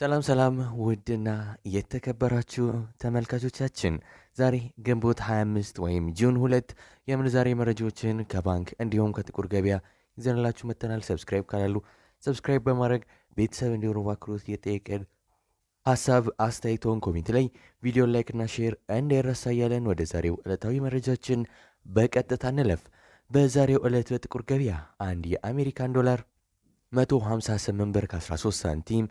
ሰላም ሰላም ውድና የተከበራችሁ ተመልካቾቻችን ዛሬ ግንቦት 25 ወይም ጁን ሁለት የምንዛሬ መረጃዎችን ከባንክ እንዲሁም ከጥቁር ገበያ ይዘንላችሁ መጥተናል። ሰብስክራይብ ካላሉ ሰብስክራይብ በማድረግ ቤተሰብ እንዲሆኑ ባክሮት የጠየቅን ሀሳብ አስተያየቶን ኮሜንት ላይ ቪዲዮ ላይክና ሼር እንዳይረሳ እያለን ወደ ዛሬው ዕለታዊ መረጃችን በቀጥታ እንለፍ። በዛሬው ዕለት በጥቁር ገበያ አንድ የአሜሪካን ዶላር 158 ብር ከ13 ሳንቲም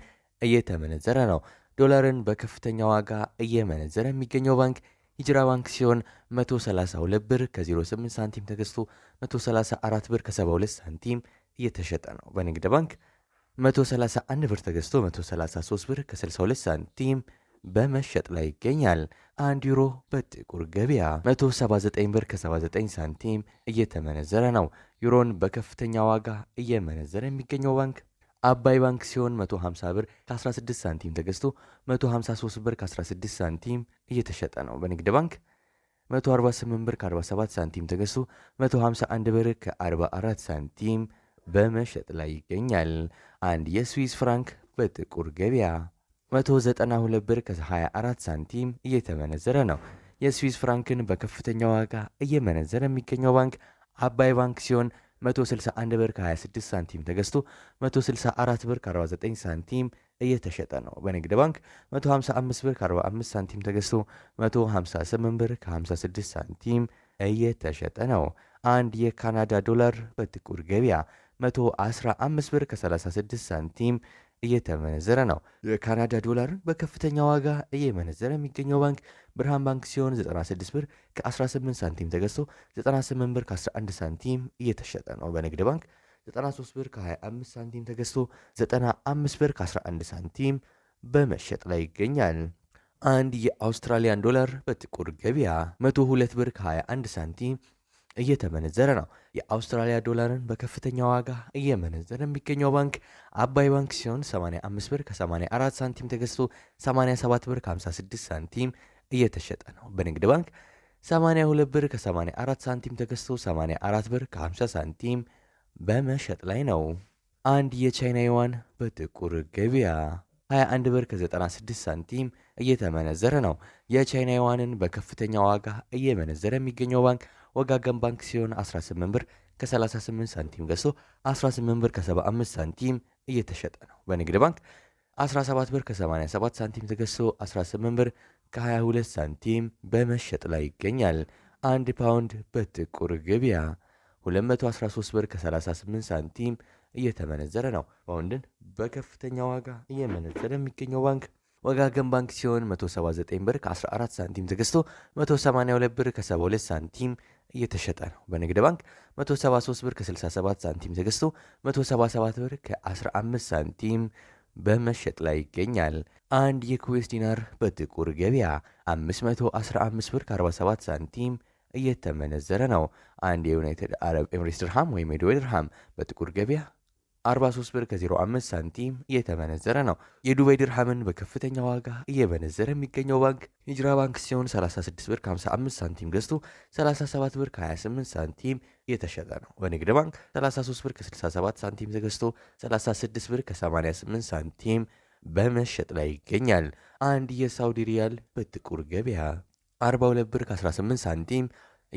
እየተመነዘረ ነው። ዶላርን በከፍተኛ ዋጋ እየመነዘረ የሚገኘው ባንክ ሂጅራ ባንክ ሲሆን 132 ብር ከ08 ሳንቲም ተገዝቶ 134 ብር ከ72 ሳንቲም እየተሸጠ ነው። በንግድ ባንክ 131 ብር ተገዝቶ 133 ብር ከ62 ሳንቲም በመሸጥ ላይ ይገኛል። አንድ ዩሮ በጥቁር ገበያ 179 ብር ከ79 ሳንቲም እየተመነዘረ ነው። ዩሮን በከፍተኛ ዋጋ እየመነዘረ የሚገኘው ባንክ አባይ ባንክ ሲሆን 150 ብር ከ16 ሳንቲም ተገዝቶ 153 ብር ከ16 ሳንቲም እየተሸጠ ነው። በንግድ ባንክ 148 ብር ከ47 ሳንቲም ተገዝቶ 151 ብር ከ44 ሳንቲም በመሸጥ ላይ ይገኛል። አንድ የስዊስ ፍራንክ በጥቁር ገበያ 192 ብር ከ24 ሳንቲም እየተመነዘረ ነው። የስዊስ ፍራንክን በከፍተኛ ዋጋ እየመነዘረ የሚገኘው ባንክ አባይ ባንክ ሲሆን 161 ብር ከ26 ሳንቲም ተገዝቶ 164 ብር ከ49 ሳንቲም እየተሸጠ ነው። በንግድ ባንክ 155 ብር ከ45 ሳንቲም ተገዝቶ 158 ብር ከ56 ሳንቲም እየተሸጠ ነው። አንድ የካናዳ ዶላር በጥቁር ገበያ 115 ብር ከ36 ሳንቲም እየተመነዘረ ነው። የካናዳ ዶላርን በከፍተኛ ዋጋ እየመነዘረ የሚገኘው ባንክ ብርሃን ባንክ ሲሆን 96 ብር ከ18 ሳንቲም ተገዝቶ 98 ብር ከ11 ሳንቲም እየተሸጠ ነው። በንግድ ባንክ 93 ብር ከ25 ሳንቲም ተገዝቶ 95 ብር ከ11 ሳንቲም በመሸጥ ላይ ይገኛል። አንድ የአውስትራሊያን ዶላር በጥቁር ገበያ 102 ብር ከ21 ሳንቲም እየተመነዘረ ነው። የአውስትራሊያ ዶላርን በከፍተኛ ዋጋ እየመነዘረ የሚገኘው ባንክ አባይ ባንክ ሲሆን 85 ብር ከ84 ሳንቲም ተገዝቶ 87 ብር ከ56 ሳንቲም እየተሸጠ ነው። በንግድ ባንክ 82 ብር ከ84 ሳንቲም ተገዝቶ 84 ብር ከ50 ሳንቲም በመሸጥ ላይ ነው። አንድ የቻይና ዩዋን በጥቁር ገበያ 21 ብር ከ96 ሳንቲም እየተመነዘረ ነው። የቻይና ዩዋንን በከፍተኛ ዋጋ እየመነዘረ የሚገኘው ባንክ ወጋገን ባንክ ሲሆን 18 ብር ከ38 ሳንቲም ገዝቶ 18 ብር ከ75 ሳንቲም እየተሸጠ ነው። በንግድ ባንክ 17 ብር ከ87 ሳንቲም ተገዝቶ 18 ብር ከ22 ሳንቲም በመሸጥ ላይ ይገኛል። አንድ ፓውንድ በጥቁር ገበያ 213 ብር ከ38 ሳንቲም እየተመነዘረ ነው። ፓውንድን በከፍተኛ ዋጋ እየመነዘረ የሚገኘው ባንክ ወጋገን ባንክ ሲሆን 179 ብር ከ14 ሳንቲም ተገዝቶ 182 ብር ከ72 ሳንቲም እየተሸጠ ነው። በንግድ ባንክ 173 ብር ከ67 ሳንቲም ተገዝቶ 177 ብር ከ15 ሳንቲም በመሸጥ ላይ ይገኛል። አንድ የኩዌስ ዲናር በጥቁር ገበያ 515 ብር ከ47 ሳንቲም እየተመነዘረ ነው። አንድ የዩናይትድ አረብ ኤምሬትስ ድርሃም ወይም የዱባይ ድርሃም በጥቁር ገበያ 43 ብር ከ05 ሳንቲም እየተመነዘረ ነው። የዱባይ ድርሃምን በከፍተኛ ዋጋ እየመነዘረ የሚገኘው ባንክ ሂጅራ ባንክ ሲሆን 36 ብር ከ55 ሳንቲም ገዝቶ 37 ብር ከ28 ሳንቲም እየተሸጠ ነው። በንግድ ባንክ 33 ብር ከ67 ሳንቲም ተገዝቶ 36 ብር ከ88 ሳንቲም በመሸጥ ላይ ይገኛል። አንድ የሳውዲ ሪያል በጥቁር ገበያ 42 ብር ከ18 ሳንቲም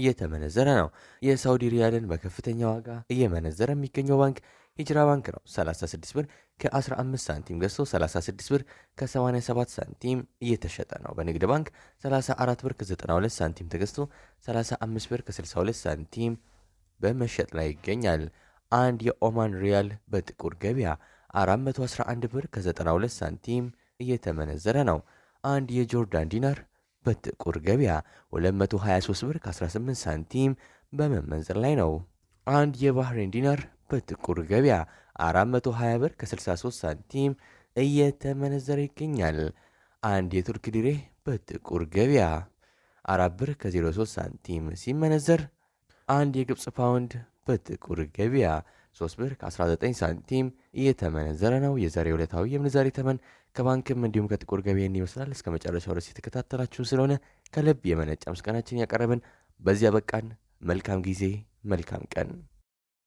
እየተመነዘረ ነው። የሳውዲ ሪያልን በከፍተኛ ዋጋ እየመነዘረ የሚገኘው ባንክ ሂጅራ ባንክ ነው 36 ብር ከ15 ሳንቲም ገዝቶ 36 ብር ከ87 ሳንቲም እየተሸጠ ነው። በንግድ ባንክ 34 ብር ከ92 ሳንቲም ተገዝቶ 35 ብር ከ62 ሳንቲም በመሸጥ ላይ ይገኛል። አንድ የኦማን ሪያል በጥቁር ገበያ 411 ብር ከ92 ሳንቲም እየተመነዘረ ነው። አንድ የጆርዳን ዲናር በጥቁር ገበያ 223 ብር ከ18 ሳንቲም በመመንዘር ላይ ነው። አንድ የባህሬን ዲናር በጥቁር ገበያ 420 ብር ከ63 ሳንቲም እየተመነዘረ ይገኛል። አንድ የቱርክ ሊሬ በጥቁር ገበያ 4 ብር ከ03 ሳንቲም ሲመነዘር አንድ የግብፅ ፓውንድ በጥቁር ገበያ 3 ብር ከ19 ሳንቲም እየተመነዘረ ነው። የዛሬ ዕለታዊ የምንዛሬ ተመን ከባንክም እንዲሁም ከጥቁር ገበያ ይመስላል። እስከ መጨረሻው ድረስ የተከታተላችሁን ስለሆነ ከልብ የመነጫ ምስጋናችን ያቀረብን በዚያ በቃን። መልካም ጊዜ፣ መልካም ቀን